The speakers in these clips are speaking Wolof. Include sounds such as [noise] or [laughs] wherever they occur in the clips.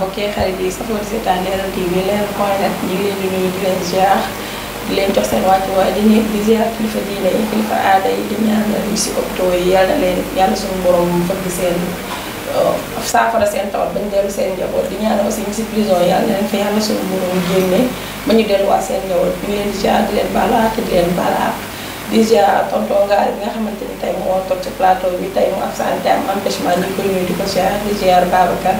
mbokkee xarit yi safoo di seetaan Leral TV Leral point net ñu leen di nuyu di leen ziar di leen jox seen wàccu waaye di ñëpp di ziar kilifa diine yi kilifa aada yi di ñaanal ñu si opitoo uh, saafara seen tawat bañ dellu seen njaboot di ñaanal si prison yàlla leen fa yàlla suñu borom génne ba ñu delluwaat seen njaboot ñu ngi leen di ziar di leen baal àq di leen baal àq di ziar tonton Ngaari bi nga xamante ni tey moo toog ci plateau bi tey mu absenté am empêchement ñu ngi koy di ko ziar di ziar Babacar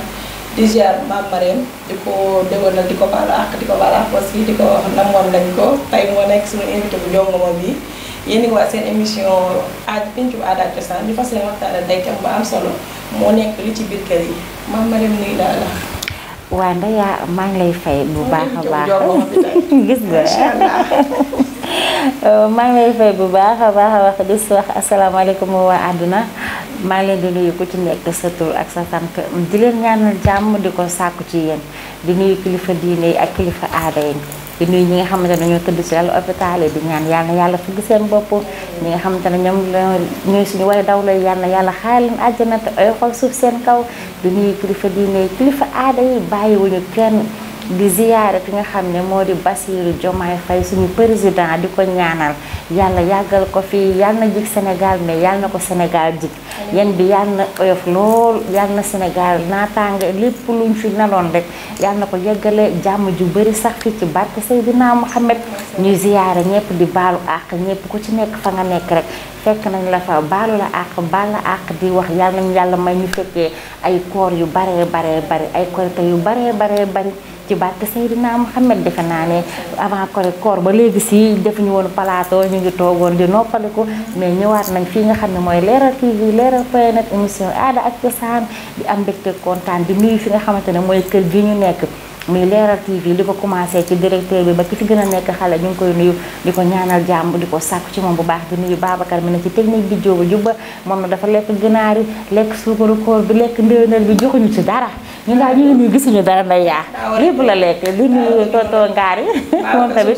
di ziar maam Marème di ko déwénal di ko baal àq di ko baal àq aussi di ko wax namoon nañ ko tey moo nekk suñu invité bu jongoma bi yéen ngi waa seen émission aada pencum aada ak cosaan di fas yéene waxtaane day thème bu am solo moo nekk li ci biir kër yi maam Marème nuyu naa la. waa Ndeya maa ngi lay fay bu baax a baax gis nga maa ngi lay fay bu baax a baax a baax di wax asalaamaaleykum waa àdduna maa ngi leen di nuyu ku ci nekk sa tur ak sa tànk di leen ñaanal jàmm di ko sàkku ci yéen di nuyu kilifa diine yi ak kilifa aada yi di nuyu ñi nga xamante ne ñoo tëdd si lalu hôpital di ñaan yal na yàlla fëgg seen bopp ñi nga xamante ne ñoom ñooy suñu way daw lay yal na yàlla xaar leen àjjana te ay xol suuf seen kaw di nuyu kilifa diine kilifa aada yi bàyyiwuñu kenn di ziyaare fi nga xam ne moo di Bassirou Diomaye fay suñu président di ko ñaanal yàlla yàggal ko fii yàlla na jig Sénégal mais yàlla na ko Sénégal jig yéen bi yàlla na oyof lool yàlla na Sénégal naataange lépp luñ fi naloon rek yàlla na ko yeggale jàmm ju bëri sax fi ci barke Seydina Mohamed ñuy ziyaare ñëpp di baalu àq ñëpp ku ci nekk fa nga nekk rek fekk nañ la fa baalu la àq baal la àq di wax yàlla nañ yàlla may ñu fekkee ay koor yu baree bare bari ay korite yu baree baree bari ci barke Seydina Muhammad defe naa ne avant koor ba léegi si defuñu woon plateau ñu ngi toogoon di noppaliku mais ñëwaat nañ fii nga xam ne mooy leeral TV leeral point net émission aada ak cosaan di am mbégte kontaan di nuyu fi nga xamante ne mooy kër gi ñu nekk muy Leral TV li ko commencé ci directeur bi ba ki fi gën a nekk xale ñu ngi koy nuyu di ko ñaanal jàmb di ko sàkku moom bu baax di nuyu Babacar mi ne ci technique bi jóoba jubba moom na dafa lekk ginaari lekk suukaru koor bi lekk ndéwénal bi joxuñu ci dara ñu laa ñu ngi nuyu dara nday yaa ah, lépp la lekk di nuyu ah, tonton ngaari ah, [laughs] moom tamit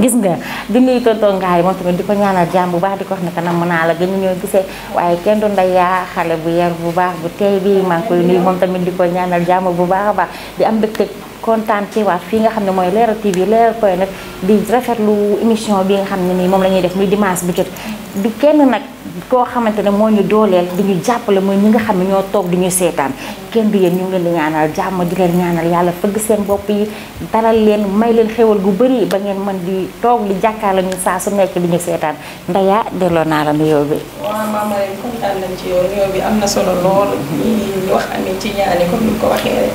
gis nga di nuyu tonton ngaari moom tamit di ko ñaanal jàmm bu baax ko wax ne ko nam naa la gën ñu ñoo gisee waaye kenn du nday yaa xale bu yar bu baax bu teey bi maa koy nuyu moom tamit di ko ñaanal jàmm bu baax a di am dëgg kontaan ci waat fii nga xam ne mooy Leral TV Leral point net rafet lu émission bii nga xam ne nii moom la ñuy def muy dimanche bu jot du kenn nag koo xamante ne moo ñu dooleel di ñu jàppale mooy ñi nga xam ne ñoo toog di ñu seetaan kenn du yéen ñu leen di ñaanal jàmm di leen ñaanal yàlla fëgg seen bopp yi dalal leen may leen xéwal gu bëri ba ngeen mën di toog li jàkkaarloo ñu saa su nekk di ñu seetaan Ndeya delloo naa la nuyoo bi. waaw maama kontaan nañ ci yow nuyoo bi am na solo lool ñi wax amee ci ñaani comme ni ko waxee rek.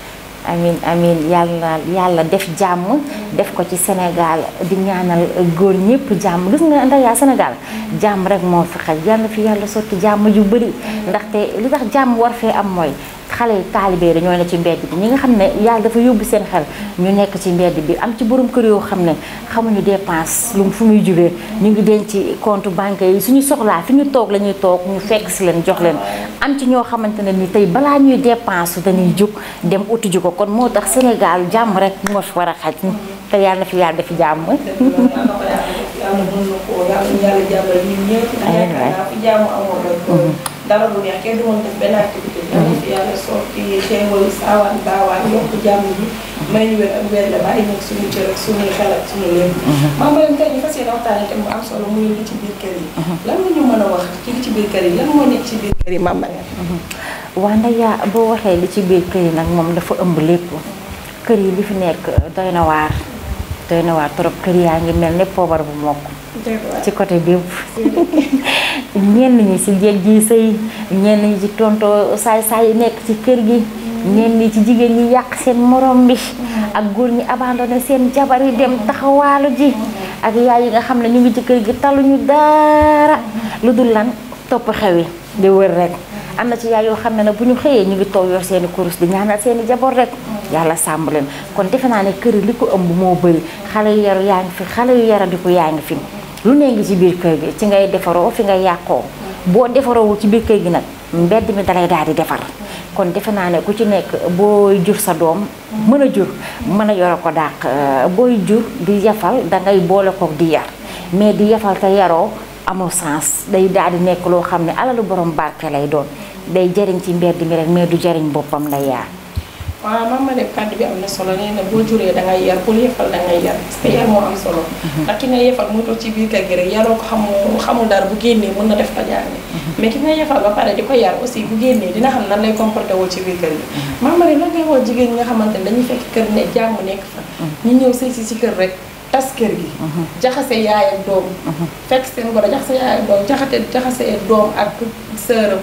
amin amin yàlla yàlla def jàmm def ko ci Sénégal di ñaanal góor ñëpp jàmm gis nga ndeyaa Sénégal jàmm rek moo fi xaj yàlla fi yàlla sotti jàmm yu bari mm. ndaxte li tax jàmm war fee am mooy xale yi taalibe dañoo ne ci mbedd bi ñi nga xam ne yàlla dafa yóbbu seen xel ñu nekk ci mbedd bi am ci borom kër yoo xam ne xamuñu dépense lu fu muy jubee ñu ngi denc compte banque yi suñu soxlaa fi ñu toog la ñuy toog ñu fekk si leen jox leen am ci ñoo xamante ne ni tey balaa ñuy dépense dañuy jóg dem uti ji ko kon moo tax Sénégal jàmm rek moo fi war a xaj te yàlla fi yàlla dafi jàmm dala bu neex kenn du mën def benn activité. dañu mhm. fi yàlla sotti xéewal saawaan baawaan yokk jàmm ji. may ñu ak wér bàyyi ñoom suñu cër suñuy xel suñu lépp. maam Marème tey ñu fas yéene waxtaanee te mu am solo muy li ci biir kër yi. Mhm. lan la ñu mën a wax ci ci biir kër yi lan moo nekk ci biir kër yi maam Marème. Mhm. waa ndeyaa boo waxee li ci biir kër yi nag moom dafa ëmb lépp. kër yi bi fi nekk doy na waar. doy na waa kër yaa ngi mel ne poobar bu mokk ci côté bépp [laughs] ñenn ñi ci jéeg ji sëy ñenn ñi ci tontoo saay saay yi nekk ci kër gi ñenn ñi ci jigéen ñi yàq seen morom bi ak góor ñi abandonné seen jabar yi dem taxawaalu ji ak yaay yi nga xam ne ñu ngi jëkkër kër gi taluñu dara lu dul lan topp xew yi di wër rek am na ci yaay yoo xam ne ne bu ñu xëyee ñu ngi toog yor seeni kurus di ñaanal seeni jaboot rek yàlla sàmm leen kon defe naa ne kër li ko ëmb moo bëri xale yu yaru yaa ngi fi xale yu yara yaradiku yaa ngi fi lu ne ngi ci biir kër gi ci ngay defaroo fi nga yàqoo boo defaroowul ci biir kër gi nag mbedd mi dalay daal di defar kon defe naa ne ku ci nekk booy jur sa doom mën a jur mën a yore ko dàq euh, booy jur di yafal da ngay boole ko di yar mais di yafal te yaroo amul sens day daal di nekk loo xam ne alalu borom barke lay doon day jariñ ci mbedd mi rek du jariñ boppam la yaa waaw maama de kàddu bi am na solo nee na boo juree da ngay yar pour yefal da ngay yar parce que yar moo am solo mhm. ndax ki nga yefal moo toog ci biir kër gi rek yaroo ko xamul xamul dara bu génnee mën na def tajaange mhm. mais ki nga yefal ba pare di ko yar aussi bu génnee dina xam nan lay comporté woo ci biir kër gi woo mhm. jigéen ñi nga xamante ne dañuy fekk kër ne jàmm nekk fa ñu ñëw sëy si si kër rek tas kër gi jaxase yaay ak doom fekk seen goro jaxase yaay ak doom jaxate jaxase doom ak sëram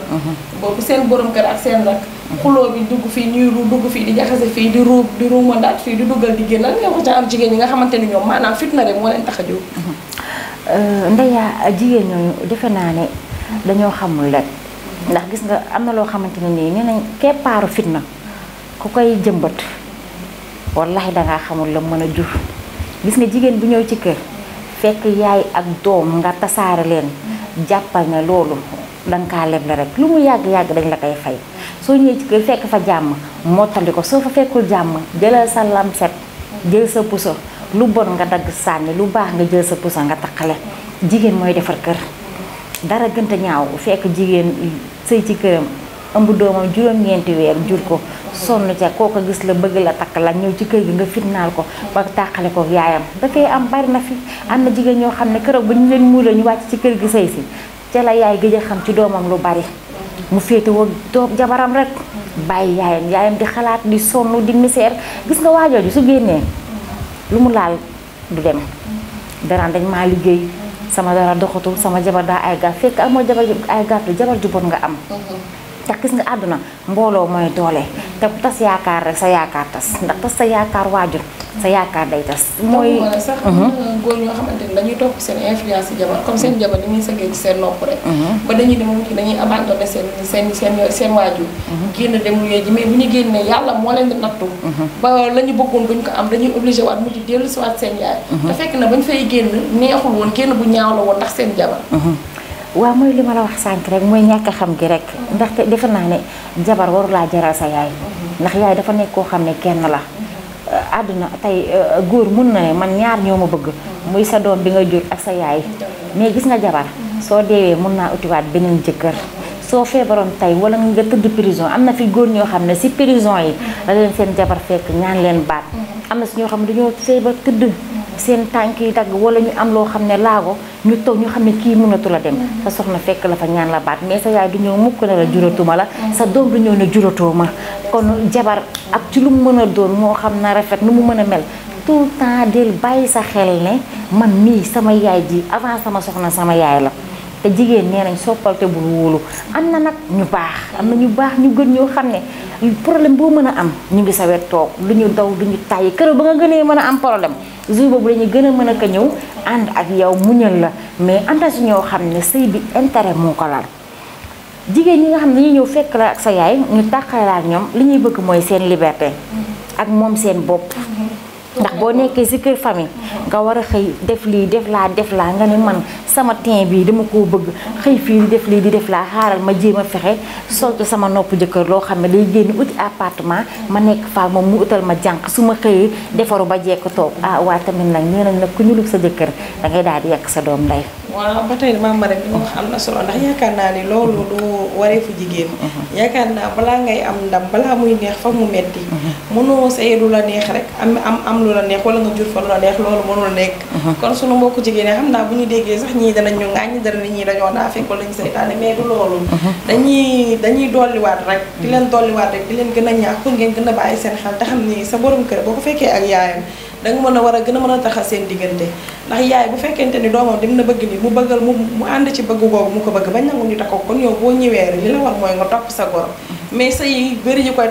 boobu seen borom kër ak seen rak xuloo bi dugg fii ñuy ru dugg fii di jaxase fii di ruub di ruumandaat fii di duggal di génn lan nga jigéen ñi nga xamante ni ñoom maanaam fitna rek moo a jóg. Euh, ndeyaa jigéen ñooñu defe naa ne dañoo xamul rek ndax gis nga am na loo xamante ne nii nee nañ keppaaru fitna ku koy jëmbat wallahi dangaa xamul la mën a jur gis nga jigéen bu ñëw ci kër fekk yaay ak doom nga tasaare leen jàppal ne loolu danga kaa leble rek lu mu yàgg-yàgg dañ la koy fay soo ñëwee ci kër fekk fa jàmm mottali ko soo fa fekkul jàmm jëlal sa lamset jël sa puso lu bon nga dagg sànni lu baax nga jël sa puso nga taqale jigéen mooy defar kër dara gënte ñaaw fekk jigéen sëy ci këram ëmb doomam juróom-ñeenti weer jur ko sonn ca kooko gis la bëgg la takk la ñëw ci kër gi nga fitnaal ko ba tàqale ko yaayam dafay am bari na fi am na jigéen ñoo xam ne keroog ba ñu leen muuree ñu wàcc ci kër gi sëy si ca la yaay gëj a xam ci doomam lu bari mu féetewoo doom jabaram rek bàyyi yaayam yaayam di xalaat di sonn di misère gis nga waajooju su génnee lu mu laal du dem dara dañ maa liggéey sama dara doxatul sama jabar daa ay gaaf fekk amoo jabar ay gaaf la jabar ju nga am ndax gis nga àdduna mbooloo mooy doole te tas yaakaar rek sa yaakaar tas ndax tas sa yaakaar waajur sa yaakaar day tas. mooy sax mhm. góor ñoo xamante ni dañuy topp seen influence jabar comme seen jabar ni muy sëggee ci seen nopp rek. Mhm. ba seen seen seen seen waajur. Mhm. génn dem yooyu ji mais bu ñu génnee yàlla moo leen di nattu. ba la ñu bëggoon duñ ko am dañuy obligé waat mujj dellu si waat seen yaay. te fekk na bañ fay génn neexul woon génn bu ñaaw la woon ndax seen jabar. waa mooy li ma la wax sànq rek mooy ñàkk xam gi rek ndaxte defe naa ne jabar waru laa jaral sa yaay ndax yaay dafa nekk koo xam ne kenn la àdduna tey euh, góor mun na ne man ñaar ñoo ma bëgg muy sa doom bi nga jur ak sa yaay mais gis nga jabar soo deewee mun naa utiwaat beneen jëkkër soo feebaroon tey wala nga tëdd prison am na fi góor ñoo xam ne si prison yi la leen seen jabar fekk ñaan leen baat am na si ñoo xam ne dañoo feebar tëdd seen tànk yi dagg wala ñu am loo xam ne laago ñu taw ñu xam ne kii mënatu la dem mm. sa soxna fekk la fa ñaan la baat mais sa yaay du ñëw mukk na la juratuma la mm. sa doom du ñëw ne juratoo ma kon jabar ak ci lu mu mën a doon moo xam na rafet nu mu mën a mel tout temps del bàyyi sa xel ne man mii sama yaay ji avant sama soxna sama yaay la te jigéen nee nañ soppal te bul wóolu am na nag ñu baax am na ñu baax ñu gën ñoo xam ne problème boo mën a am ñu ngi sa wet toog lu ñu daw du ñu tàyyi kër ba nga gënee mën a am problème jour boobu la ñuy gën a mën a ko ñëw ànd ak yow muñal la mais am na si ñoo xam ne sëy bi intérêt moo ko lal jigéen ñi nga xam ne dañuy ñëw fekk la ak sa yaay ñu tàqale la ñoom li ñuy bëgg mooy seen liberté ak moom seen bopp mm-hmm. ndax boo nekkee si kër famille nga war a xëy def lii def laa def laa nga ne man sama teen bii dama koo bëgg xëy fii di def lii di def laa xaaral ma jéem a fexe sol ci sama nopp jëkkër loo xam ne day génn uti appartement ma nekk faa moom mu utal ma jànq su ma xëyee defaru ba jekk toog ah waa tamit nag nee nañ nag ku ñulub sa jëkkër da ngay daal di yàq sa doom ndey waaw ba tey maam Marème li nga wax am na solo ndax yaakaar naa ni loolu du fu jigéen mhm. yaakaar naa balaa ngay am ndam balaa muy neex fa mu metti mhm. mënoo sëy lu la neex rek am am am lu la neex wala nga jur fa lu la neex loolu mënul nekk mhm. kon sunu mbokku jigéen yi xam naa bu ñu déggee sax ñi danañ ñu ŋàññ dara ñii dañoo daa fekk wala ñu seytaane mais du loolu dañuy dañuy dolliwaat rek di leen dolliwaat rek di leen gën a ñaax pour ngeen gën a ba seen xel te xam ni sa borom kër boo ko fekkee yaayam da mën a war a gën a mën a taxal seen diggante ndax yaay bu fekkente ni doomam dem na bëgg ni mu bëggal mu mu ànd ci bëgg googu mu ko bëgg bañ nangu ñu takko kon yow boo ñëwee rek li la war mooy nga topp sa goro mais sa yi bëri ñu ko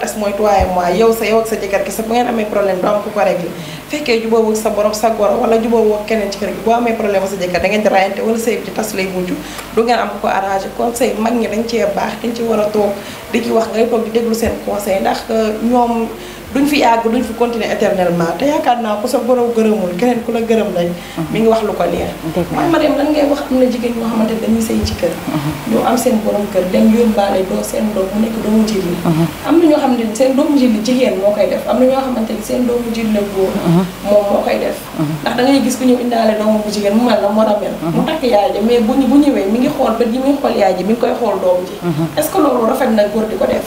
réglé fekkee jubóobu sa borom sa goro wala jubóobu ak keneen ci kër gi boo amee problème sa jëkkër da ngeen di rayante wala tas lay mujj du ngeen am ku ko arrangé conseil mag ñi dañ cee baax dañ ci war a toog di ci wax ngay toog di déglu seen conseil ndax euh, ñoom duñ fi yàgg duñ fi continuer éternellement te yaakaar naa ku sa borom gërëmul keneen ku la gërëm lañ mhm. mi ngi wax lu ko neex man ma dem lan ngay wax am na jigéen ñoo xamante ne dañuy sëy ci kër ñu mhm. am seen borom kër dem doom mhm. am na ñoo xamante ni seen doomu jigéen moo koy def am na ñoo xamante ni seen doomu jil la moom moo koy def ndax da ngay gis ku ñëw indaale doomu bu jigéen mu mel la mu war mu takk yaay ji mais bu bu ñëwee mi ngi xool bët yi muy xool yaay ji mi ngi koy xool doom ji est-ce rafet na góor di ko def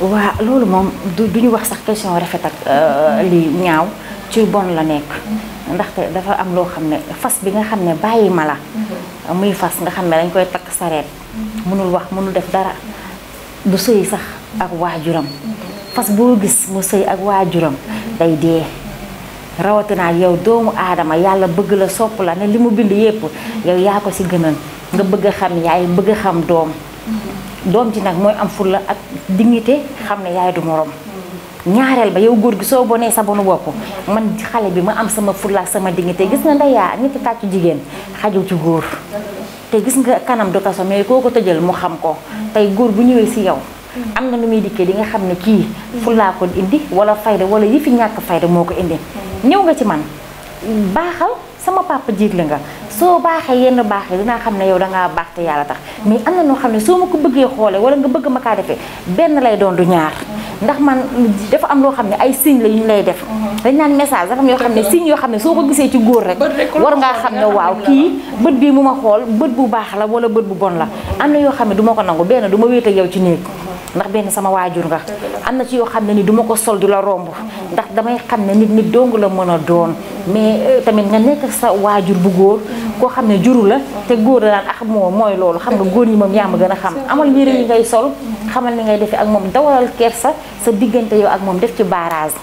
waa loolu moom du du wax sax question rafet ak euh, lii ñaaw ci bon la nekk. ndaxte dafa am loo xam ne fas bi nga xam ne bàyyi ma la. muy fas nga xam ne dañ koy takk sareet. mënul wax mënul def dara. du sëy sax ak waajuram. fas boo gis mu sëy ak waajuram. day dee. rawatina yow doomu aadama yàlla bëgg la sopp la ne li mu bind yépp yow yaa ko ci gënal nga bëgg a xam yaay bëgg xam doom. doom ji nag mooy am fulla ak dignité xam ne yaay du moroom ñaareel ba yow góor gi soo bonee sa bonu bokk man xale bi ma am sama fulla ak sama dignité gis nga ndeyaa ñetti tàccu jigéen xaju ci góor te gis nga kanam du kaso mais koo ko tëjal mu xam ko tey góor bu ñëwee si yow am na nu muy dikkee di nga xam ne kii fullaa ko indi wala fayda wala yëfi ñàkk fayda moo ko indi ñëw nga ci man baaxal sama papa jiitle nga soo baaxee yenn baax yi dinaa xam ne yow dangaa baax te yàlla tax mais am na noo xam ne soo ma ko bëggee xoolee wala nga bëgg ma kaa defee benn lay doon du ñaar ndax man dafa am loo xam ne ay signe la yu lay def dañ naan message dafa am yoo xam ne signe yoo xam ne soo ko gisee ci góor rek war ngaa xam ne waaw kii bët bii mu ma xool bët bu baax la wala bët bu bon la am na yoo xam ne duma ko nangu benn du ma wéet yow ci néeg ndax benn sama waajur nga am na ci yoo xam ne ni duma ko sol di la romb ndax damay xam ne nit nit dong la mën a doon mais euh, tamit nga nekk sa waajur bu góor koo xam ne juru la te góor la daan ax ah, moo mooy loolu xam nga góor ñi moom yaa ma gën a xam amal yére yi ngay sol xamal ni ngay defee ak moom dawalal kersa sa diggante yow ak moom def ci barrage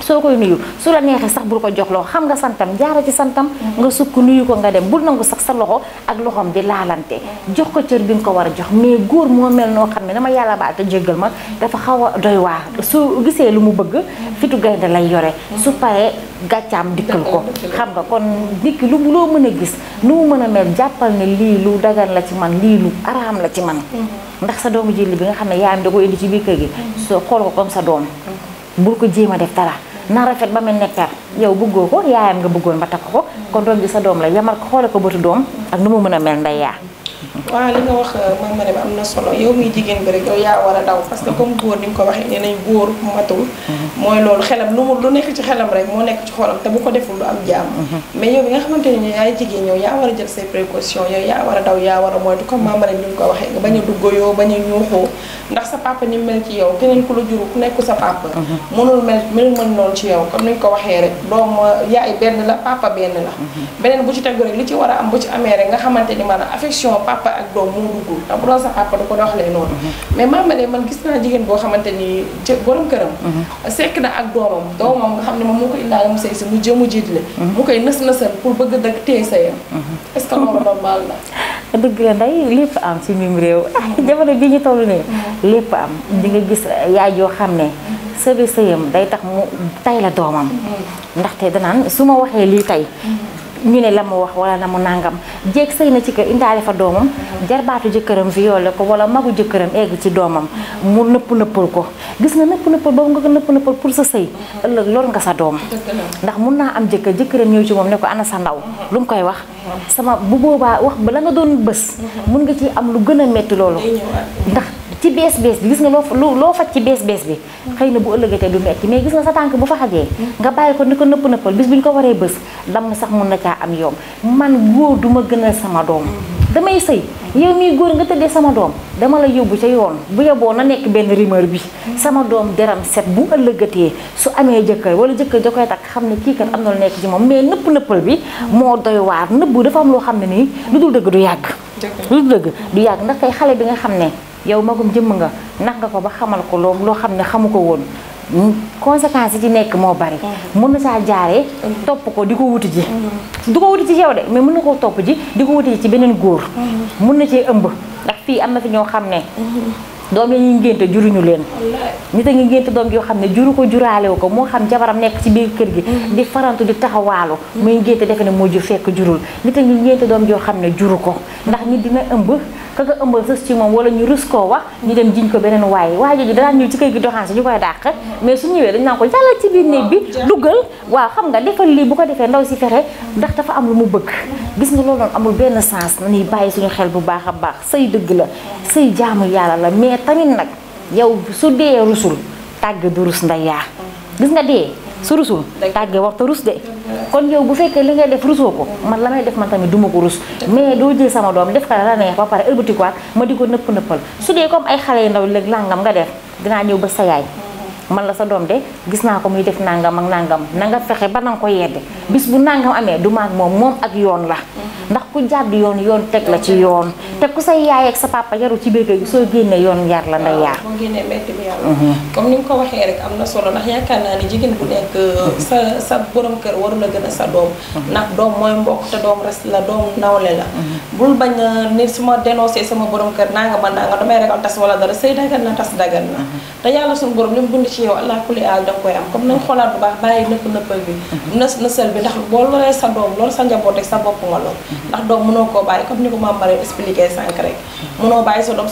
soo koy nuyu su la neexee sax bu ko jox loo xam nga santam jaara ci santam mm-hmm. nga sukk nuyu ko nga dem bu nangu sax sa loxo ak loxoom di laalante mm-hmm. jox ko cër bi nga ko war a jox mais góor moo mel noo xam ne dama yàlla baal te jéggal ma mm-hmm. dafa xaw a doy waar su gisee lu mu bëgg fitu gaynde lay yore su paree gàccaam dikkal ko xam nga kon nit lu loo mën a gis lu mu mën a mel jàppal ne lii lu dagan la ci man lii lu araam la ci man ndax sa doomu jilli bi nga xam ne yaayam da ko indi ci biir kër gi soo xool ko comme sa doom bul ko jéem a def dara na rafet ba mel ne per yow bëggoo ko yaayam nga bëggoon ba takk ko kon doom ji sa doom la yamal ko xoole ko bëtu doom ak nu mu a wax euh, man na solo yow muy jigéen bi yaa war a daw parce que comme góor ni ko waxee nee nañ góor loolu xelam lu mu lu nekk ci rek moo nekk ci te bu ko deful lu am jàmm xamante ne yaay jigéen yow yaa war a jël a a moytu comme maam ma dem ni ko waxee nga bañ a duggoo bañ ñuuxoo ndax sa papa ni mel ci yow keneen ku la juru ku nekku sa papa mhm. mënul mel mel mën noonu ci yow comme ni ñu ko waxee rek doom yaay benn la papa benn la mhm. beneen bu ci tegu rek li ci war a am bu ci amee rek nga xamante ni maanaam affection papa ak doom moo duggul ndax bu doon sa papa du ko doxalee noonu mhm. mais man gis naa jigéen boo xamante ni borom këram sekk na ak doomam doomam nga xam ne moom moo ko indaale mu sëy si mu jëmu jiit la mu koy nës nësal pour bëgg dëgg téye sayam est-ce que loolu normal la [laughs] a dëgg la ndey lépp am ci mim réew mm-hmm. [laughs] jamono bi ñu toll nii mm-hmm. lépp am di nga gis eh, yaay yoo xam ne mm-hmm. sëbi sëyam day tax mu tay la doomam ndaxte danaan su ma waxee lii tey ñu ne la mu wax wala la mu nàngam jéeg sëy na ci kër indaale fa doomam jarbaatu jëkkëram violé ko wala magu jëkkëram egg ci doomam mu nëpp nëppal ko gis nga nëpp nëppal boobu nga ko nëpp nëppal pour sa sëy ëllëg loolu nga sa doom ndax mun naa am jëkkër jëkkëram ñëw ci moom ne ko am na sa ndaw lu mu koy wax sama bu boobaa wax bala nga doon bës mun nga ci am lu gën a metti loolu ndax ci bees bees bi gis nga loo loo faj ci bees bees bi xëy na bu ëllëgatee du metti mais gis nga sa tànk bu fa xajee nga bàyyi ko ni ko nëpp nëppal bis bu ñu ko waree bës dam sax mun na caa am yoom man góor du ma gënal sama doom damay sëy yow miy góor nga tëddee sama doom dama la yóbbu ca yoon bu yeboo na nekk benn rumeur bi sama doom deram set bu ëllëgatee su amee jëkkër wala jëkkër da koy takk xam ne kii kat am na lu nekk ci moom mais nëpp nëppal bi moo doy waar nëbb dafa am loo xam ne nii lu dul dëgg du yàgg lu yàgg ndax tey xale bi nga xam ne yow magum jëmm nga nax nga ko ba xamal ko loo loo xam ne xamu ko woon conséquence yi ci nekk moo bari mun mm-hmm. na saa jaaree mm-hmm. topp ko di ko wuti ji mm-hmm. du ko wuti ci yaw de mais mun na koo topp ji di ko wuti ji ci beneen góor mun na cee ëmb ndax fii am na fi ñoo xam ne doom ya ñuy ngénte juruñu leen nit a ngi ngénte doom joo xam ne juru ko juraalewu ko moo xam jabaram nekk ci biir kër gi di farantu di taxawaalu muy ngénte defe ne moo jur fekk jurul nit a ngi ngénte doom xam ne juru ko ndax nit dina ëmb ka ko ëmbal sës ci moom wala ñu rus koo wax ñu dem jiñ ko beneen waaye waa jooju danaan ñëw ci kër gi doxaan si ñu koy dàq mais su ñëwee dañ naan ko yàlla ci biir néeg bi duggal waaw xam nga defal lii bu ko defee ndaw si fexe ndax dafa am lu mu bëgg gis nga loolu noonu amul benn sens nañuy bàyyi suñu xel bu baax a baax sëy dëgg la sëy jaamu yàlla la mais tamit nag yow su dee rusul tàgg du rus nda yaa gis nga dee su rusul tàgge waxta rus de kon yow bu fekkee li ngay def rusoo ko man la may def man tamit duma ko rus mais doo jël sama doom def ko la neex ba pare ëlbatikuwaat ma di ko nëpp nëppal su dee comme ay xale yu ndaw léegi langam nga def dinaa ñëw ba sa yaay man la sa doom de gis naa ko muy def nangam ak nangam na nga fexe ba nanga ko yedde bis bu nàngam amee du maag moom moom ak yoon la ndax ku jàdd yoon yoon teg la ci yoon te ku say yaay ak sa papa yaru ci biir kër gi soo génnee yoon yar la nday yaar boo génnee métti bi yàlla mhm. comme ni nga ko waxee rek am na solo ndax yaakaar naa ni jigéen bu nekk mhm. sa sa borom kër waru la gën a sa doom mhm. ndax doom mooy mbokk te doom res la doom nawle la bul bañ a su ma dénoncé sama borom kër naa nga mën naa nga damay ragal tas wala dara sëy dagan na tas dagan na te yàlla suñu borom li mu bind ci yow allah kulli aal da koy am comme nañ xoolaat bu baax bàyyi nëpp nëppal bi nës mhm. nësal bi ndax boo loree sa doom loolu sa njaboot rek sa bopp nga lool mhm. ndax doom mënoo koo mhm. bàyyi sa doom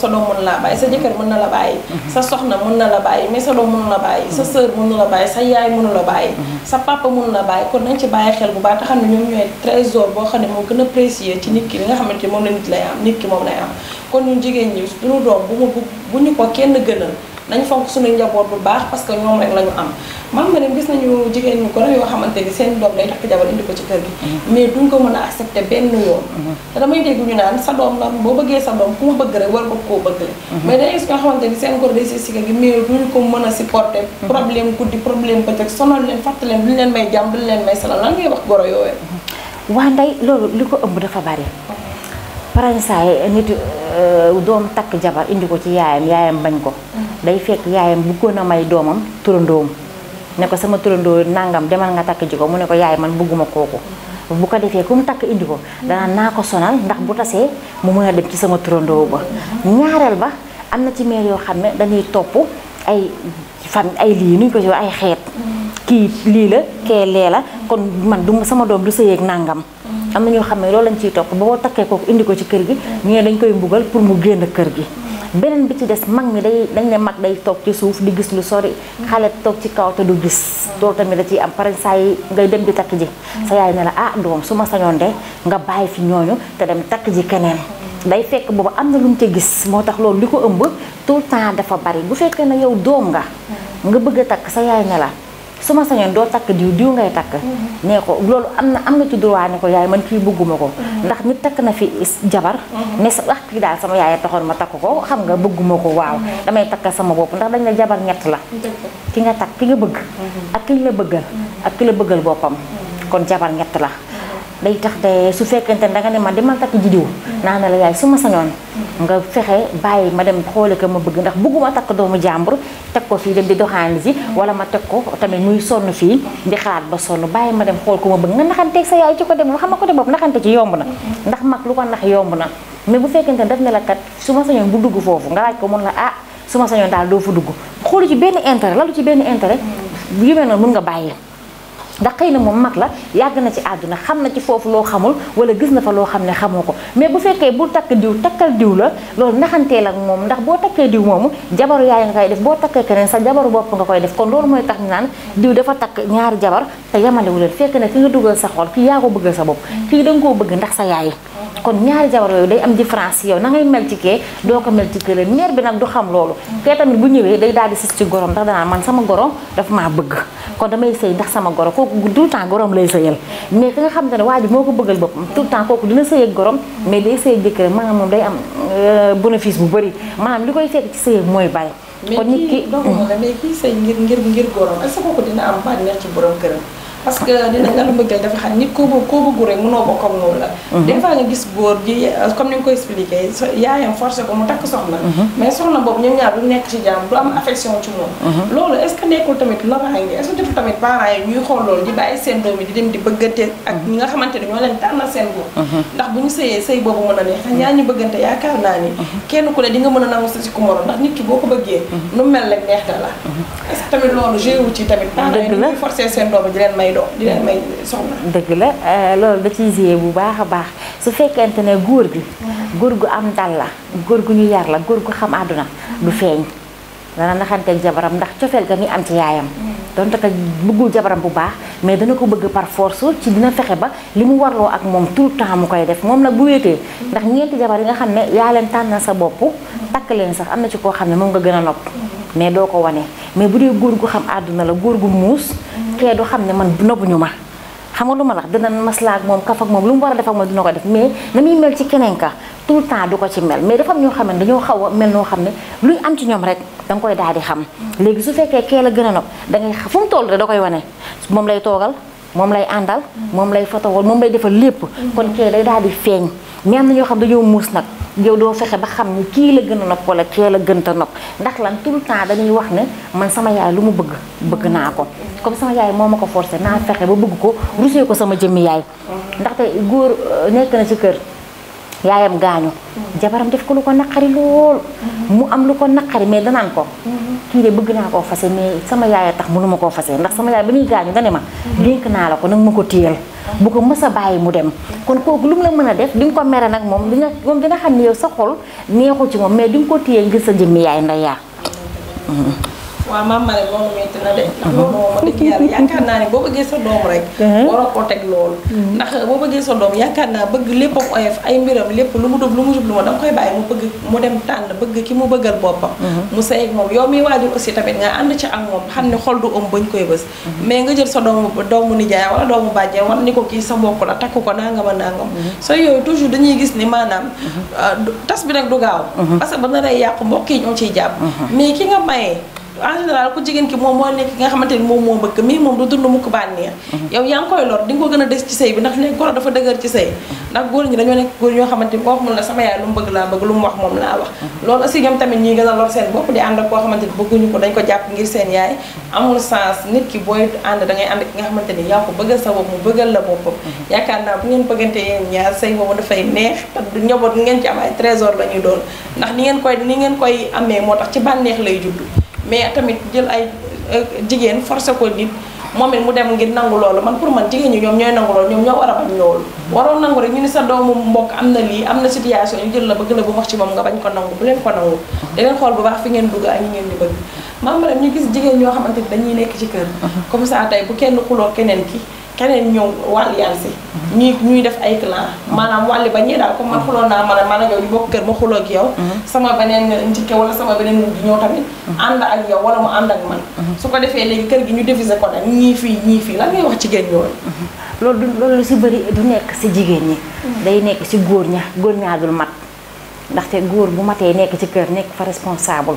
sa doom mën la bàyyi sa jëkkër mën na la bàyyi sa soxna mën na la bàyyi mais sa doom mënu la bàyyi sa sœur mënu la bàyyi sa yaay mënu la bàyyi sa papa mënu na bàyyi kon nañ ci bàyyi xel bu baax te xam ne ñoom ñooy trésor boo xam ne moo gën a précieux ci nit ki li nga xamante moom la nit lay am nit ki moom lay am kon ñun jigéen ñi suñu doom bu bu ñu ko kenn gënal nañu fonk suñu njaboot bu baax parce que ñoom rek nañu ñu am man ma ne gis nañu jigéen ñu yoo xamante ni seen doom day takk jabar indi ko ci kër gi mm-hmm. mais duñ ko mën a accepté benn yoon mm-hmm. te damay ñu naan sa doom boo bëggee sa doom rek war koo bëgg le mm-hmm. si sikka ko mën a supporté problème guddi problème bëccëg sonal leen fàttali leen duñ leen may jàmm duñ leen may salal lan ngay wax goro yooyu waa nday loolu li ko ëmb dafa bari parensaay nit euh, doom takk jabar indi ko ci yaayam yaayam bañ ko day fekk yaayam bëggoon a may doomam turandoom ne ko sama turandoo nangam demal nga takk ji ko mu ne ko yaay man bëgguma kooku bu ko defee ku takk indi ko danaa naa ko sonal ndax bu tasee mu mën a dem ci sama turandoo ba ñaareel ba am na ci meer yoo xam ne dañuy topp ay fam ay lii nuñ ko ci ay xeet mm. kii lii la kee lee la kon man du sama doom du sëyeeg nangam am na ñoo xam ne loolu lañ ciy topp ba boo takkee kooku indi ko ci kër gi ñu ne dañ koy mbugal pour mu génn kër gi beneen bi ci des mag mi day dañ ne mag day toog ci suuf di gis lu sori xale toog ci kaw te du gis loolu tamit da ciy am pare saa ngay dem di takk ji yaay ne la ah doom su ma sañoon de nga bàyyi fi ñooñu te dem takk ji keneen day fekk boobu am na lu mu ci gis moo tax loolu li ko ëmb tout le temps dafa bari bu fekkee na yow doom nga nga bëgg takk sa yaay ne la su ma sañoon doo takk diw diw ngay takk mm-hmm. nee ko loolu am na am na ci droit ne ko yaay man kii bëgguma ko mm-hmm. ndax nit takk na fi jabar mm-hmm. ne sa wax ah, kii daal sama yaay taxoon ma takk ko xam nga bëgguma ko waaw damay takk sama bopp ndax dañ la jabar ñett la ki nga takk ki nga bëgg ak ki la bëggal ak ki la bëggal boppam kon jabar ñett la day tax de su fekkente ne danga ne ma demal takk ji diw naa ne la yaay su ma sañoon nga fexe bàyyi ma dem xoole ko ma bëgg ndax bëgguma takk doomu jàmbur teg ko fii dem di doxaan si wala ma teg ko tamit muy sonn fii di xalaat ba sonn bàyyi ma dem xool ko ma bëgg nga naxanteeg sa yaay ci ko dem xam nga ko de boobu naxante ci yomb na ndax mag lu ko nax yomb na mais bu fekkente ne daf ne la kat su ma sañoon bu dugg foofu nga laaj ko mun la ah su ma sañoon daal doo fa dugg xoolu ci benn intérêt lalu ci benn intérêt yu mel noonu mun nga bàyyi ndax xëy na moom mag la yàgg na ci àdduna xam na ci foofu loo xamul wala gis na fa loo xam ne xamoo ko mais bu fekkee bu takk diw takkal diw la loolu naxanteel ak moom ndax boo takkee diw moomu jabaru yaay nga koy def boo takkee keneen sa jabaru bopp nga koy def kon loolu mooy tax ñu naan diw dafa takk ñaari jabar te yamalewu leen fekk na ki nga dugal sa xol ki yaa ko bëggal sa bopp kii da nga koo bëgg ndax sa yaay kon ñaari jabar yooyu day am différence yow na ngay mel ci kee doo ko mel ci kële mère bi nag du xam loolu kee tamit bu ñëwee day daal di sis ci gorom ndax danaa man sama gorom dafa maa bëgg kon damay sëy ndax sama gorom kooku tout le temps gorom lay sëyal mais ki nga xam te ne waa ji moo ko bëggal boppam tout le temps kooku dina sëy ak gorom mais day sëy jëkkër maanaam moom day am euh, bénéfice bu bëri maanaam li koy fekk ci sëy mooy bàyyi kon nit ki [laughs] mais ngir ngir ngir gorom est-ce ci borom këram parce que dina nga lu mbëggeel dafa xam nit koo bëggu rek mënoo bokk ak la mhm. des fois nga gis góor gi comme ni nga ko expliqué yaayam forcé ko mu takk soxna mhm. mais soxna boobu ñoom ñaar du nekk ci jàmm du am affection ci moom mhm. loolu est ce que ne ñoo bu ñu sëyee sëy boobu mën a neex a nangu sa ci ki boo ko bëggee nu mel tamit loolu jéewu ci tamit parents yi ñuy forcé seen doom di leen may may doom di leen dëgg la euh, loolu da ci gisee bu baax a baax su fekkente ne góor gi. góor gu am dal la góor gu ñu yar la góor gu xam àdduna du feeñ. dana naxanteeg jabaram ndax cofeel ga ni am ci yaayam. Mm. donte ka bëggul jabaram bu baax mais dana ko bëgg par force ci dina fexe ba li mu warloo ak moom tout le temps mu koy def moom nag bu wéetee. ndax ñeenti jabar yi nga xam ne yaa leen tànn sa bopp. takk leen sax am na ci koo xam ne moom nga gën a nopp. Mm. mais doo ko wane mais bu dee góor gu xam àdduna la góor gu muus. kee du xam ne man nëbbuñu ma xam lu ma la dina moom a def ak moom dina ko def mais na muy mel ci keneen ka tout le temps du ñoo xam ne dañoo xaw a mel noo xam ne luy da nga koy daal di xam léegi la gën a nopp da lay toogal moom lay àndal moom lay fotowal moom lay defal lépp kon kee day daal di feeñ mais am na ñoo xam dañoo muus nag yow doo fexe ba xam ni kii la gën a nopp wala kee la gën ta nopp ndax lan tout temps dañuy wax ne man sama yaay lu mu bëgg bëgg naa ko comme sama yaay moo ma ko forcé naa fexe ba bëgg ko rusee ko sama jëmmi yaay ndaxte góor euh, nekk na ci kër yaayam gaañu jabaram def ko lu ko naqari lool mu am lu ko naqari mais danaan ko kii de bëgg naa ko fase mais sama yaay a tax mënu ma koo fase ndax sama yaay ba muy gaañu dane ma dénk naa la ko nag mu ko téyal bu ko mës a bàyyi mu dem kon kooku lu mu la mën a def di ko mere nag moom di nga moom dina xam ne yow sa xol neexu ci moom mais di ko téye ngir sa jëmmi yaay yaa waaw maam Marème loolu metti na de ndax mhm. loolu moom wax dëgg yàlla yaakaar naa sa doom rek mhm. ko mhm. naa bëgg léppam oyof ay mbiram lu mu dub ma da nga koy bàyyi mu bëgg mu dem tànn bëgg ki mu bëggal boppam yow mi waajur aussi tamit nga ànd ci ak moom xam ne xol koy bës mais nga jël sa doomu doomu nijaay wala doomu bàjjen war ni ko kii sa mbokk la takk ko nangam a nangam soo yooyu toujours dañuy gis ni maanaam euh, tas bi rek du gaaw parce que ba na lay yàqu mbokk yi ñoo jàpp mais ki nga maye en général ku ki moo nekk nga xamante ni moom moo mbëkk mii moom du dund mukk bànneex mhm. yow yaa ngi koy a des ci xamante ni koo xamul la sama yaay lu mu bëgg laa bëgg lu mhm. a lor seen bopp di ànd ak koo ko dañ ko jàpp ngir seen yaay nit ki booy ànd da ànd ki nga xamante ni yaa ko bëggal sa bopp mu bëggal la boppam mhm. yaakaar naa bu ngeen bëggante yéen ñaar sëy boobu dafay neex te njaboot ngeen ci am ay trésor la ñuy doon ndax ni ngeen koy ni ngeen koy amee moo tax ci bànneex lay juddu mais tamit jël ay euh, jigéen forcé ko nit moom it mu dem ngir nangu loolu man pour man jigéen ñi ñoom ñooy nangu loolu ñoom ñoo war a bañ loolu waroon nangu rek ñu ni sa doomu mbokk am na lii am na situation ñu jël la bëgg la bu wax moom nga bañ ko nangu bu leen ko nangu uh-huh. da xool bu baax fi ngeen dugg ak ñi ngeen di bëgg maam rek ñu gis jigéen ñoo xamante ni dañuy nekk ci kër uh-huh. comme ça tey bu kenn xuloo keneen ki keneen ñëw wàll yaan si mhm. ñuy ñuy def ay clan mhm. maanaam wàlli ba ñee daal comme man mhm. xuloon naa man a ma a yow bokk kër ma xuloo ak yow sama beneen njëkke wala sama beneen mu ñëw tamit ànd ak yow wala mu ànd ak man su ko defee léegi kër gi ñu diviser ko nag ñii fii ñii fii lan ngay wax ci jigéen yooyu loolu du loolu si bëri du nekk si jigéen ñi day nekk si góor ña góor ñaa dul mat ndaxte góor bu matee nekk ci kër nekk fa responsable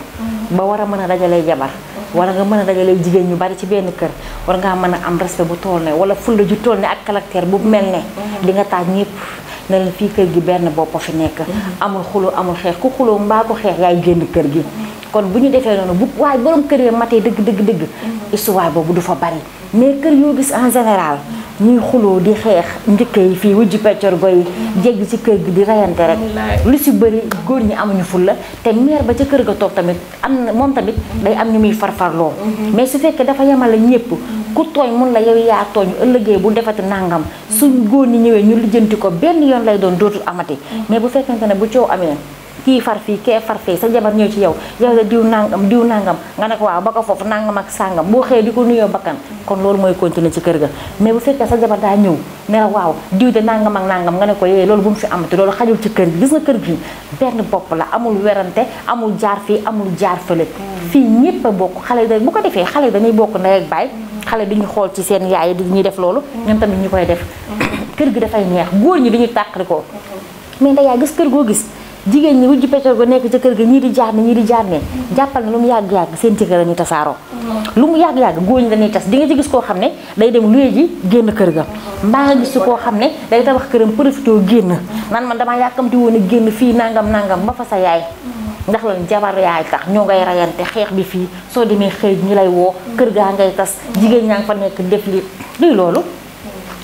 ba war a mën a dajalee jabar wala nga mën a dajale jigéen ñu bari ci benn kër war ngaa mën a am respect bu tool ne wala fulla ju tool ne ak caractère bu mel ne mhm. di nga taaj ñëpp ne leen fii kër gi benn bopp fi nekk mhm. amul xuloo amul xeex ku xuloo mbaa ko xeex yaay génn kër gi mhm. kon bu ñu defee noonu bu waaye borom kër yi matee dëgg dëgg dëgg histoire boobu du fa bari mais kër yoo gis en général ñuy xuloo di xeex njëkk yi fii wujji peccorgo yi jéggi ci kër gi di rayante rek lu si bëri góor ñi amuñu fulla te meer ba ca kër ga toog tamit am na moom tamit day am ñu muy farfarloo mhm. mais su fekkee dafa yemale ñëpp ku tooñ mun la yow yaa tooñ ëllëgee bu defati nangam su góor ñi ñëwee ñu lijjanti ko benn yoon lay doon dootul amati mhm. mais bu fekkente ne bu coow amee kii far fii kee far fii sa jabar ñëw ci yow yow da diw nangam diw nangam nga ne ko waaw ba ko foofu nangam ak sàngam boo xëyee di ko nuyoo bakkan kon loolu mooy continuer ci kër ga mais bu fekkee sa jabar daa ñëw ne la waaw diw nangam nga ne ko yee loolu bu mu fi amati loolu xajul ci kër gi gis nga kër gi benn bopp la amul werante amul jaar fii amul jaar fële mm. fii ñëpp a bokk xale da bu ko defee xale dañuy bokk ndey ak baay xale ñu xool ci seen yaay di ñuy def loolu mm. ñoom tamit ñu koy def mm. kër gi dafay neex góor ñi duñu tàqali ko mm-hmm. mais ndeyaa gis kër goo gis jigéen ñi wujj peccor ba nekk ca kër ga ñii di jaar ne ñii di jaar jàppal na lu mu yàgg-yàgg seen jëkkër la ñuy tasaaroo mm-hmm. lu mu yàgg-yàgg góor ñi dañuy tas di nga ci gis koo xam ne day dem luye ji génn kër ga mbaa nga si koo xam ne day tabax këram profité génn naan man damaa yàkkamti woon a génn fii nangam nangam ba fa sa yaay mm-hmm. ndax lan jabar yaay tax ñoo ngay rayante xeex bi fii soo demee xëy ñu lay woo kër gaa ngay tas mm-hmm. jigéen ñaa ngi fa nekk def lii loolu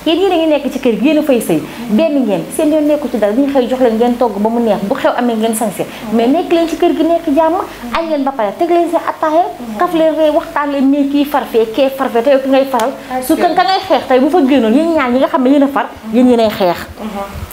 yéen ñi da nekk ci kër gi yéen a fay sëy benn ngeen seen yoon nekku ci dara ñu xëy jox leen ngeen togg ba mu neex bu xew amee ngeen sañse mais nekk leen ci kër gi nekk jàmm añ leen ba pare teg leen seen attaaya kaf leen ree waxtaan leen nii kii far farfee kee farfee tey ki ngay faral su kan ka ngay xeex tey bu fa génnoon yéen ñaar ñi nga xam ne yéen a far yéen yéen xeex mhm.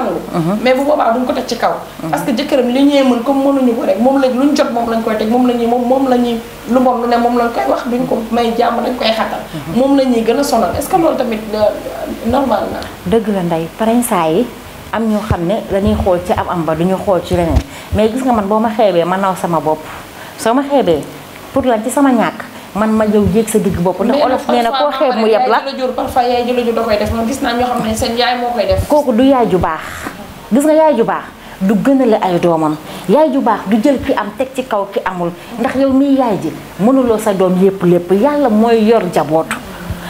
nangu uh-huh. mais bu boobaa duñ ko teg ci kaw uh-huh. parce jëkkëram li ñee mën comme mënuñu ko rek moom lañ luñ jot moom lañ koy teg moom la ñuy moom moom la ñuy lu bon lu ne moom lañ koy wax duñ ko may jàmm lañ koy xatal uh-huh. moom la gën a sonal est-ce que loolu tamit euh, normal na dëgg la ndey paren saa yi am ñoo xam ne dañuy xool ci am am ba duñu xool ci leneen mais gis nga man boo ma xeebee ma naw sama bopp soo ma xeebee pour lan ci sama ñàkk man ma yow yéeg sa digg bopp ndax olof nee na koo xeeb mu yeb la parfois yaay ju la jur da gis naa ñoo xam ne seen yaay moo kooku du yaay ju baax gis nga yaay ju baax du gënale ay doomam yaay ju baax du jël ki am teg ci kaw ki amul ndax yow ji mënuloo sa doom yépp lépp yàlla mooy yor jaboot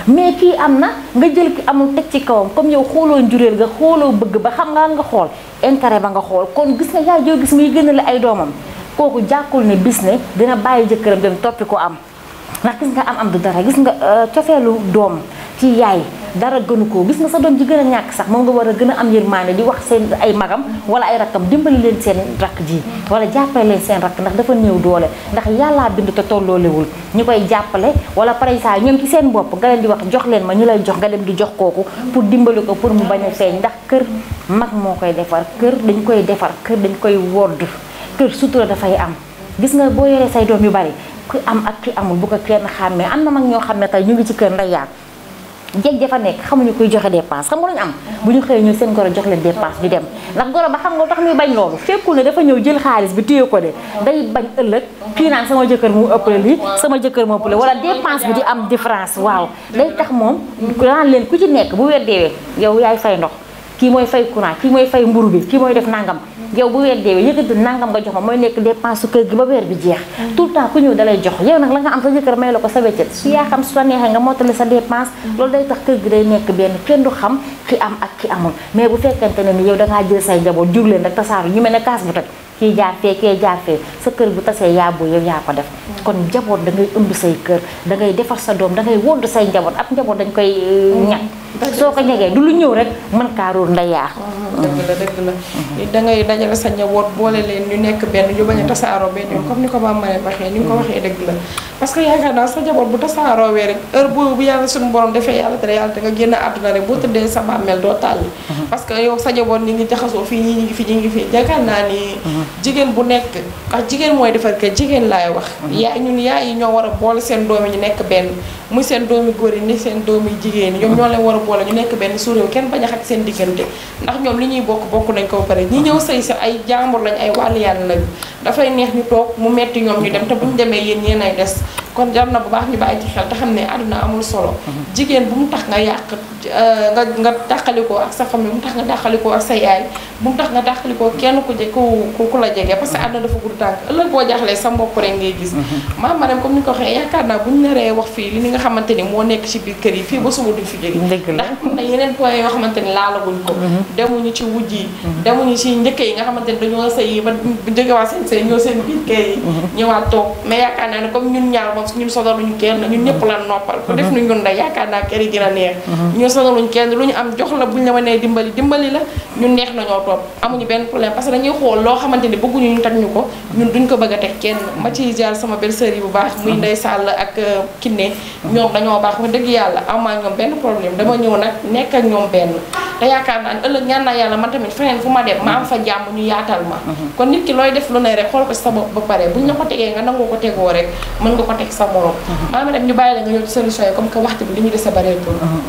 mais kii am na nga jël ki amul teg ci kawam comme yow xooloo njureel nga xooloo bëgg ba xam nga nga xool intérêt ba nga xool kon gis nga yaay joo gis muy gënale ay doomam kooku jàkkul ne bis ne dina bàyyi jëkkëram dem toppi ko am ndax gis nga am am du dara gis nga euh, cofeelu doom ci yaay dara gënu koo gis nga sa doom ji gën a ñàkk sax moom nga war a gën a am yërmaande di wax seen ay magam wala ay rakkam dimbali leen seen rakk ji wala jàppale leen seen rakk ndax dafa néew doole ndax yàllaa bind te tolloolewul ñu koy jàppale wala pare saa ñoom ci seen bopp nga leen di wax jox leen ma ñu lay jox nga dem di jox kooku pour dimbali ko pour mu bañ a feeñ ndax kër mag moo koy defar kër dañ koy defar kër dañ koy wodd kër sutura dafay am gis nga boo say doom yu bari ku am ak ki amul bu ko kenn xàmmee am na mag ñoo xam ne tey ñu ngi ci kër nday yaag jeeg dafa nekk xamuñu kuy joxe dépense xam nga luñu am bu ñu xëyee ñu seen goro jox leen dépense ñu dem ndax goro ba xam nga tax muy bañ loolu fekkul ne dafa ñëw jël xaalis bi téye ko de day bañ ëllëg kii naan sama jëkkër mu ëppale lii sama jëkkër mu ëppale wala dépense bi di am différence waaw day tax moom ku daan leen ku ci nekk bu weer deewee yow yaay fay ndox kii mooy fay courant kii mooy fay mburu bi kii mooy def nangam yow bu weer deewee yëkkatil nangam nga jox ma mooy nekk dépense su kër gi ba weer bi jeex tout le temps ku ñëw dalay jox yow nag la nga am sa jëkkër may la ko sa weccet su yaa xam su la neexee nga mottali sa dépense loolu day tax kër gi day nekk benn kenn du xam ki am ak ki amul mais bu fekkente ne ni yow dangaa jël say njaboot jur leen rek tasaaru ñu mel ne kaas bu toj kii jaar fee kee jaar fee sa kër bu tasee yaa yow yaa ko def kon njaboot da ngay ëmb say kër da ngay defar sa doom da ngay euh, mm. ko mm, mm-hmm. sa njaboot boole leen ñu nekk benn a tasaaroo benn yoon mm-hmm. comme ni ma leen waxee ni nga ko waxee dëgg la parce que yaakaar naa sa njaboot bu tasaaroo wee rek heure boobu bu yàlla suñu borom defee yàlla tere yàlla te nga génn àdduna rek boo tëddee sa bàmmeel doo tàlli mm-hmm. parce sa njaboot ñi ngi jaxasoo fii ñi ngi fi ñi ngi fi yaakaar naa jigéen bu nekk ndax jigéen mooy defar kër jigéen laay wax. Mhm. yaay ñun yaay yi ñoo war a boole seen doom ñu nekk benn muy seen doomi góor yi ni seen doomi jigéen ñoom ñoo mhm. leen war a boole ñu nekk benn su réew kenn bañ a seen diggante ndax ñoom li ñuy bokk bokk nañ ko pare ñi ñëw sëy sa ay jaambur lañ ay wàllu yàlla lañ dafay neex ñu toog mu metti ñoom ñu dem te bu ñu demee yéen yéen ay des. kon jar na bu baax ñu bàyyi ci xel te xam ne àdduna amul solo. jigéen bu mu tax nga yàq euh, nga dàqalikoo ak sa famille bu mu tax nga dàqalikoo ak sa yaay bu mu tax nga dàqalikoo kenn ku je ku ku la jege parce que àdduna dafa gudd tànk ëllëg boo jaaxlee sa mbokk rek ngay gis. maam Marème comme ni ko waxee yaakaar moo nekk biir kër fi jóge. dëgg la ndax am na yeneen point yoo xamante ni laalaguñ ko. Mm-hmm. demuñu mm-hmm. njëkk yi nga xamante ni dañoo sëy ba jógewaat seen sëy ñoo seen biir kër yi mm-hmm. ñëwaat toog mais yaakaar naa ne comme ñun ñaar moom si ñun sodaluñ kenn ñun ñëpp la noppal ku def uh-huh. nu ñun da yaakaar naa kër yi dina neex uh-huh. ñun sodaluñ kenn lu ñu am jox la buñ la mënee dimbali dimbali la ñun neex nañoo topp amuñu benn problème parce que dañuy xool loo xamante ni bëgguñu ñu teg ñu ko ñun duñ a teg kenn ma ciy jaar sama belle-sœur yi bu baax muy uh-huh. Ndey Sall ak euh, Kiné ñoom dañoo baax wax dëgg yàlla amaa ñoom benn problème dama ñëw nag nekk ak ñoom benn te yaakaar naa ëllëg ñaan naa yàlla man tamit feneen fu ma dem ma fa jàmm ñu yaatal ma kon nit ki looy def lu ne rek xool ko sa bopp ba pare buñ ko tegee nga nangoo ko tegoo rek mën nga ko teg nekk sa morom. Mhm. maanaam nag ñu bàyyi la nga ñëw ci solution yi comme que waxtu bi li ñu dese bareetul. Mhm.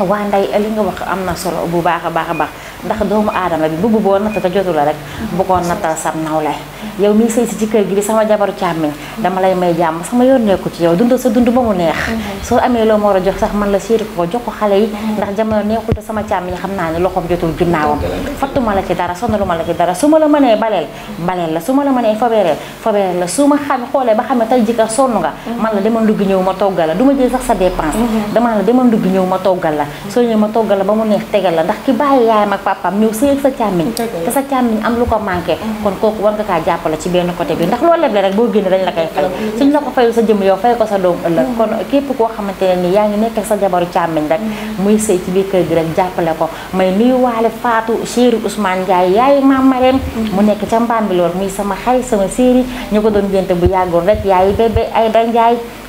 waa Ndeye li nga wax am na solo bu baax a baax a baax. ndax doomu aadama bi bëgg boo natt te jotu la rek bu ko nattal sam nawle yow miy sëy si ci kër gi di sama jabaru càmmiñ dama lay may jàmm sama yoon nekku ci yaw dund sa dund ba mu neex mhm. soo amee loo ma war a jox sax man la séeri ko jox ko xale yi mhm. ndax jamono neexul te sama xam naa ne loxoom jotul ginnaawam fattuma la ci dara sonaluma la ci dara su ma la mënee baleel baleel la su ma la mënee fobeereel fobeereel la su ma xam xoolee ba xam ne tey jikka sonn nga mhm. man la demal ndugg ñëw ma toggal la du ma jël sax sa dépense dama la demal ndugg ñëw ma toggal la soo ñëw ma toggal la ba mu neex tegal la ndax ki bàyyi yaayam ak papam ñëw sëy ak sa càmmiñ te sa càmmiñ am lu ko manqué mm. kon kooku war nga kaa jàppale ci benn côté bi ndax loolu leble rek boo génne dañ la koy fay suñ la ko fayul sa jëm yow fay ko sa doom ëllëg mm. kon képp koo xamante ni yaa ngi nekk ak sa jabaru càmmiñ rek mm. muy sëy ci biir kër gi rek jàppale ko may nuyu waale Fatou chéri Ousmane Ndiaye yaayu maam Marème mu nekk ca mbaan bi lool muy sama xarit sama séeri ñu ko doon génte bu yàggoon rek yaayu bébé ay da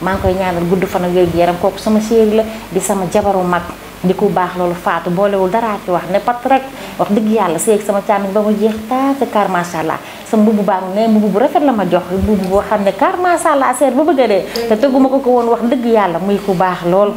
maa ngi koy ñaanal gudd fan ak wér gu yaram kooku sama séeri la di sama jabaru mag di ku baax loolu faatu boolewul daraa ci wax ne pat rek wax dëgg yàlla seeg sama càmmiñ ba mu jeex taase car macha allah sa mbubu baa ne mbubu bu rafet la ma jox mbubu boo xam ne car macha allah seet ba bëgg a dee te teguma ko ko woon wax dëgg yàlla muy ku baax lool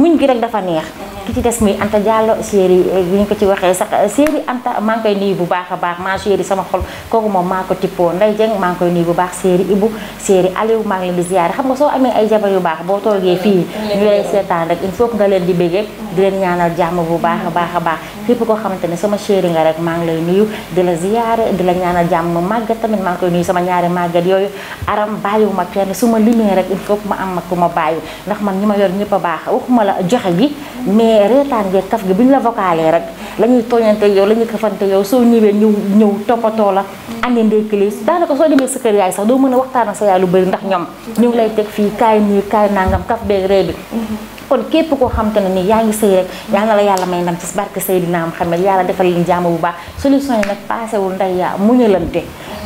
muñ gi rek dafa neex ki ci des muy Anta Diallo chéri eh, bi ñu ko ci waxee sax eh, chéri Anta maa ngi koy nuyu bu baax a baax maa chéri sama xol kooku moom maa ko tippoo Ndeye Dieng maa ngi koy nuyu bu baax chéri Ibou chéri Aliou maa ngi leen di ziyaare xam soo amee ay jabar yu baax boo toogee fii ñu lay seetaan rek il faut leen di bégee di bu baax a baax a baax képp koo xamante ne sama chéri rek maa ngi lay nuyu di la ziyaare di la ñaanal jàmm màggat tamit maa ngi koy nuyu sama ñaari màggat yooyu aram bàyyiwuma kenn su ma limee rek il faut ma am ma ma bàyyi ndax man ñi ma yor ñëpp a baax waxuma la joxe gi mais mais reetaan geeg kaf gi bu ñu la vocalé rek la ñuy tooñante yow la ñuy kafante yow soo ñëwee ñëw ñëw toppatoo la andi ndékkili daanaka soo demee sa kër yaay sax doo mën a waxtaan ak sa yaay lu bari ndax ñoom ñu lay teg fii kaay nii kaay nangam kaf beeg ree bi kon képp koo xam ne ni yaa ngi sëy rek yal na la yàlla may ndam ci barke Seydina Muhammad yàlla defal leen bu baax solution yi nag paasewul ndey yaa muñalante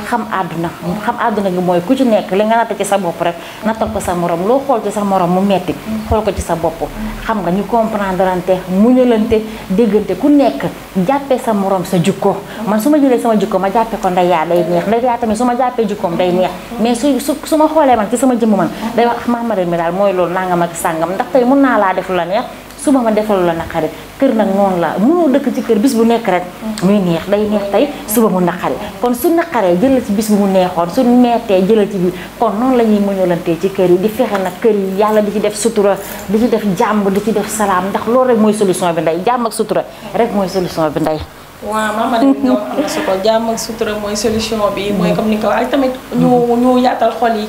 xam àdduna xam àdduna gi mooy ku ci nekk li nga natt ci sa bopp rek nattal ko sa morom loo xool ci sa morom mu metti xool ko ci sa bopp xam nga ñu comprendrante muñalante déggante ku nekk jàppee sa morom sa jikko man su ma jëlee sama jikko ma jàppee ko ndeyaa day neex ndeyaa tamit su ma jàppee jikkoom day neex mais su ma xoolee man ci sama jëmm man day wax mi daal mooy loolu nangam ak sàngam ndax tey mun naa naa laa def la neex suba ma defal la naqari kër nag noonu la mënoo dëkk ci kër bis bu nekk rek muy neex day neex tey suba mu naqari kon su naqaree jëlal ci bis bu mu neexoon su mettee jëlal ci bi kon noonu la ñuy muñalantee ci kër yi di fexe nag kër yi yàlla di ci def sutura di ci def jàmm di ci def salaam ndax loolu rek mooy solution bi ndey jàmm ak sutura rek mooy solution bi ndey waaw maama de ñoom am na solo jàmm ak sutura mooy solution bi mooy comme ni nga ko waxee tamit ñu ñu yaatal xol yi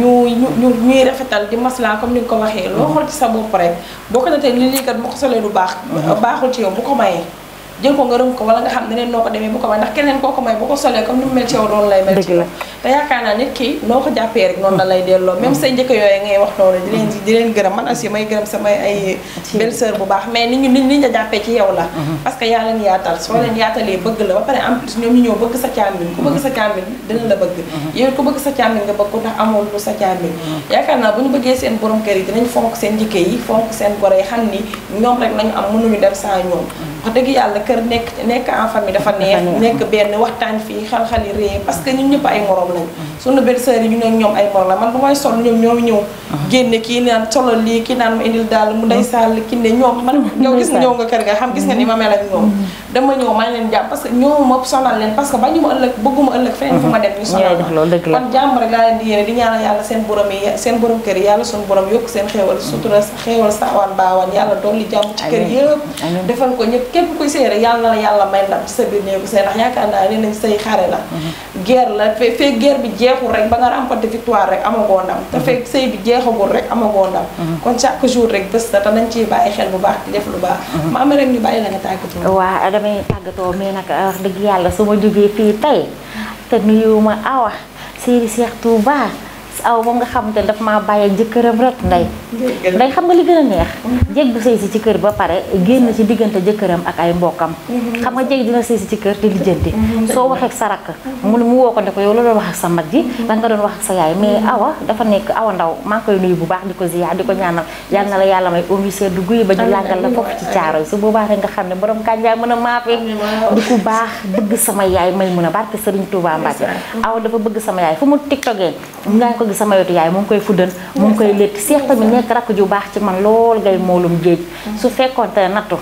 ñu ñu ñuy rafetal di maslaa comme ni nga ko waxee loo xool ci sa bopp rek boo ko natee li lii kat bu ko solee lu baax baaxul ci yow bu ko mayee jël ko nga rënk ko wala nga xam ne neen noo ko demee bu ko may ndax keneen koo ko may bu ko solee comme ni mu mel ci yow noonu lay mel ci yow te yaakaar naa ko jàppee rek noonu la lay delloo même say njëkk yooyu ngay wax noonu leen di leen gërëm man may gërëm samay ay belle sœur bu baax mais ni ñu ni jàppee ci yow la mhm. parce que yaa leen yaatal soo leen mhm. yaatalee bëgg la ba pare en plus ñoom ñu mhm. la bëgg yow ku bëgg sa càmmiñ sa càmmiñ yaakaar naa bu ñu bëggee seen borom kër yi dinañ fonk seen njëkk yi fonk seen goro yi xam ni ñoom rek nañu am mënuñu dem saa ñoom wax dëgg yàlla kër nekk nekk en famille dafa nekk benn waxtaan fii xal-xali rée parce que ñun ñëpp ay morom lañ sunu belle sœur yi ñu ñoom ñoom ay morom la man bu may sol ñoom uh-huh. uh-huh. [laughs] gis nga ñëw nga kër ga xam gis nga ni ma mel ak ñoom uh-huh. dama ñëw maa ngi leen jàpp parce que ñoom ma sonal leen parce que bañu ma ëllëg bëgguma ëllëg feneen fu ma dem ñu sonal kon jàmm rek laa leen di yéene di ñaanal yàlla seen borom yi seen borom kër yi yàlla sunu borom yokk seen xéewal sutura xéewal saawaan baawaan yàlla képp ku sëy rek yàlla na la yàlla may ndam ci sa biir néegu sëy ndax yaakaar naa ne nañ xare la mhm. guerre la fe fekk bi jeexul rek ba nga remporté victoire rek amagoo ndam te mhm. fekk sëy bi jeexagul rek amagoo ndam mhm. kon chaque jour rek bés la te nañ ciy bàyyi xel bu baax di def lu baax ma am rek ñu bàyyi la nga tàggatoo waaw damay tàggatoo mais nag wax dëgg yàlla su ma jógee fii tey te nuyuwuma awa Sëriñ Seex Tuubaa si aw nga xam te ne daf maa bàyyi ak jëkkëram rek nday xam nga li gën a neex mm-hmm. jeeg du sëy si ci kër ba pare génn ci diggante jëkkëram ak ay mbokkam mm-hmm. xam nga jeeg dina sëy si ci kër te lijjanti mm-hmm. soo waxee ak sa rakk mu mu woo ko ne ko yow la doon wax ak sa mag ji lan nga doon wax sa yaay mais awa nekk awa ndaw maa koy nuyu bu baax di ko ziyaar di ko ñaanal yal na la yàlla may omi seeddu guyi ba ñu làngal la foofu ci caaroy su boobaa nga xam ne boroom kànjaay mën a maafe di ku baax bëgg sama yaay may mun a barke Sëriñ Tuubaa Mbàkke awa dafa bëgg sama yaay fu mu tiktokee bëgg sama wetu yaay mu ngi koy fuddan mu ngi koy létt seex tamit nekk rakk ju baax ci man lool ngay moolum géej mm-hmm. su fekkoonte nattu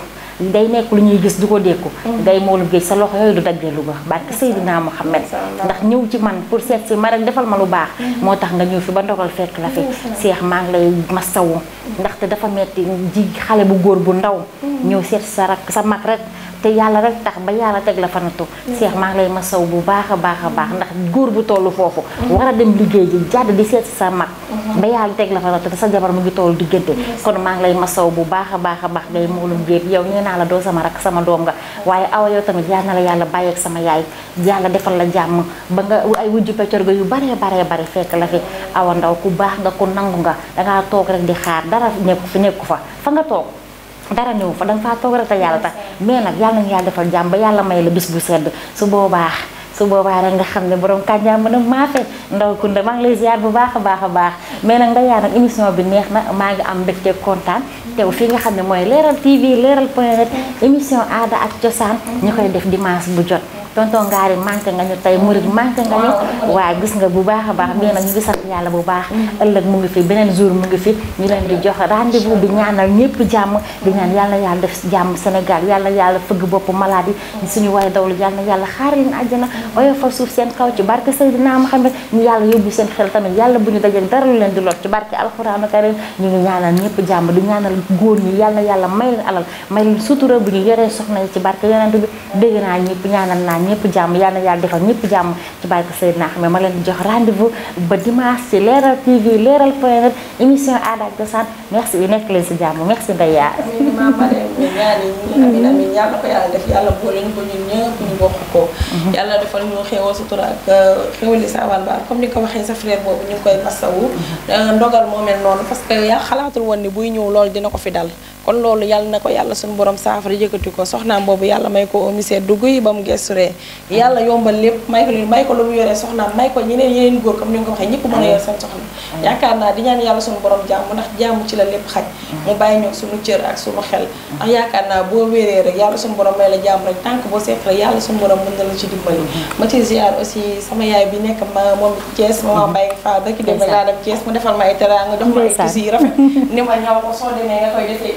day nekk lu ñuy gis du ko dékku ngay mm-hmm. moolum géej sa loxo yooyu du daggee lu ba barke Seydina Muhammad ndax ñëw ci man pour seet si ma rek defal ma lu baax mm-hmm. moo tax nga ñëw fi ba ndogal fekk la fi seex maa ngi lay masawu ndaxte dafa metti ji xale bu góor bu ndaw ñëw seet sa rakk sa mag rek te yàlla rek tax ba yàlla teg la fanatu Cheikh mm-hmm. maa ngi lay ma saw bu baax a baax a baax ndax góor bu tollu foofu mm-hmm. war a dem liggéey ji jàdd di seet sa mag mm-hmm. ba yàlla teg la fanatu te sa jabar mu ngi toll diggante kon maa ngi lay ma saw bu baax a baax a baax ngay moolum jéeb yow nee naa la doo sama rak sama doom nga waaye awa yow tamit yal la yàlla bàyyeeg sama yaay yàlla defal la jàmm ba nga ay wujju peccor ga yu baree baree bari fekk la fi awa ndaw ku baax nga ku nangu nga dangaa toog rek di xaar dara nekku fi nekku fa fa nga toog dara ñëw fa da nga faa toog rek te yàlla tax mais nag yàlla nañu yàlla defal jàmm ba yàlla may la bis bu sedd su boobaa su boobaa rek nga xam ne borom kànjaa mën a maafe ndaw Kounda maa ngi lay ziar bu baax a baax a baax mais nag nga yaa nag émission bi neex na maa ngi am mbégte kontaan teew fii nga xam ne mooy leeral TV leeral point net émission aada ak cosaan ñu koy def dimanche bu jot. tonton Ngari manqué nga ñu tey murid manqué nga ñu waaw gis nga bu baax a baax mais mm-hmm. ñu ngi sant yàlla bu baax mm-hmm. ëllëg mu ngi fi beneen jour mu ngi fi ñu leen di jox rendez jàmm di ñaan yàlla yàlla def jàmm Sénégal yàlla yàlla fëgg bopp maladie mm-hmm. suñu waaye dawlu yàlla yàlla xaar leen àjjana oyofal suuf seen kaw ci barke Seydina Muhammad ñu yàlla yóbbu seen xel tamit bu ñu dajee dara lu leen di lot ci barke alxuraanu karim ñu ngi ñaanal ñëpp jàmm di ñaanal góor ñi yàlla yàlla may leen alal may leen sutura bu ñu yoree soxna yi ci barke yonent naa ñëpp ñaanal naa ñaan jàmm yal na yàlla defal ñëpp jàmm ci bàyyi ko Seydina xam ma leen di jox ba dimanche ci leeral TV leeral bi nekk leen si jàmm merci Ndeye Yaa. amiin amiin yàlla ko yàlla def yàlla boole ñu ko ñun ko. Mhm. yàlla defal ñu xéewal sutura ak euh, xéewal saawaan ba comme ni ko waxee sa frère boobu ñu ngi koy masawu. Mhm. Euh, ndogal moo mel noonu parce que yaa xalaatul woon ni buy ñëw loolu dina ko fi dal. kon loolu yàlla na ko yàlla suñu borom saafara yëkkati ko soxnaam boobu yàlla may ko omisee dugg yi ba mu gesturee yàlla yombal lépp may ko lu may ko lu mu yoree soxnaam may ko a yor seen soxna yaakaar naa yàlla suñu borom jàmm xel ndax naa boo wéree rek yàlla suñu borom may la jàmm rek tànk boo seet rek na la ci dimbali ma ci ziar aussi sama yaay bi nekk ma moom Thiès maman mm-hmm. Mbaye Fall dëkk dem laa dem Thiès mu defal ma ay teraanga jox ma ay tusi rafet ni ma ñaw ko soo demee nga koy defee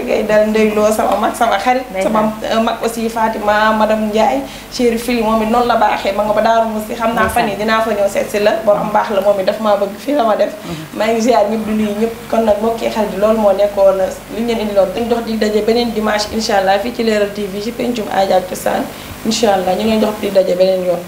Aminata Gaye dal ndeyloo sama mag sama xarit sama euh, mag aussi Fatima madame Ndiaye chéri fili moom it noonu la baaxee ma nga ba daaru mu si xam naa fan yi dinaa fa ñëw seet si la borom baax la moom it daf maa bëgg fii la ma def mhm. maa ngi ziar ñëpp lii ñëpp kon nag mbokki xarit loolu moo nekkoon euh, li ngeen indi loolu dañ dox di daje beneen dimanche incha allah fii ci Leral TV ci pencum aada ak cosaan incha allah ñu ngi jox di daje beneen yoon